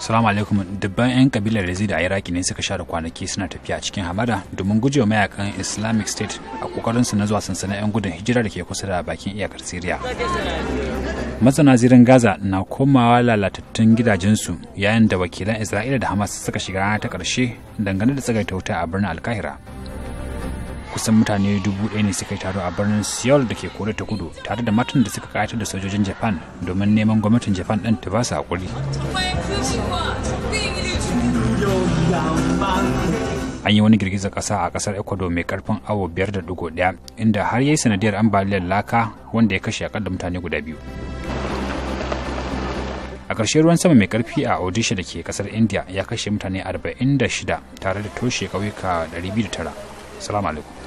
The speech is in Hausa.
Salamu alaikum dubban 'yan kabilar da a Iraki ne suka share kwanaki suna tafiya cikin hamada domin gujewa mayakan Islamic State a kokarin su na zuwa sansanin 'yan gudun hijira da ke kusa da bakin iyakar syria. Masana zirin Gaza na komawa lalatattun gidajensu yayin da wakilan Isra'ila da Hamas suka shiga rana ta ƙarshe dangane da tsagaita wuta a birnin Alkahira. Kusan mutane dubu ɗaya ne suka yi taro a birnin Seoul da ke kore ta kudu tare da matan da suka kayatar da sojojin Japan domin neman gwamnatin Japan ɗin ta ba su haƙuri. an yi wani girgizar ƙasa a ƙasar ecuador mai karfin awo 5.1 inda har yayi sanadiyar ambaliyar laka wanda ya kashe akalla mutane guda biyu a ƙarshe ruwan sama mai karfi a odisha da ke ƙasar india ya kashe mutane 46 tare da toshe ƙauyuka 209 salamu alaikum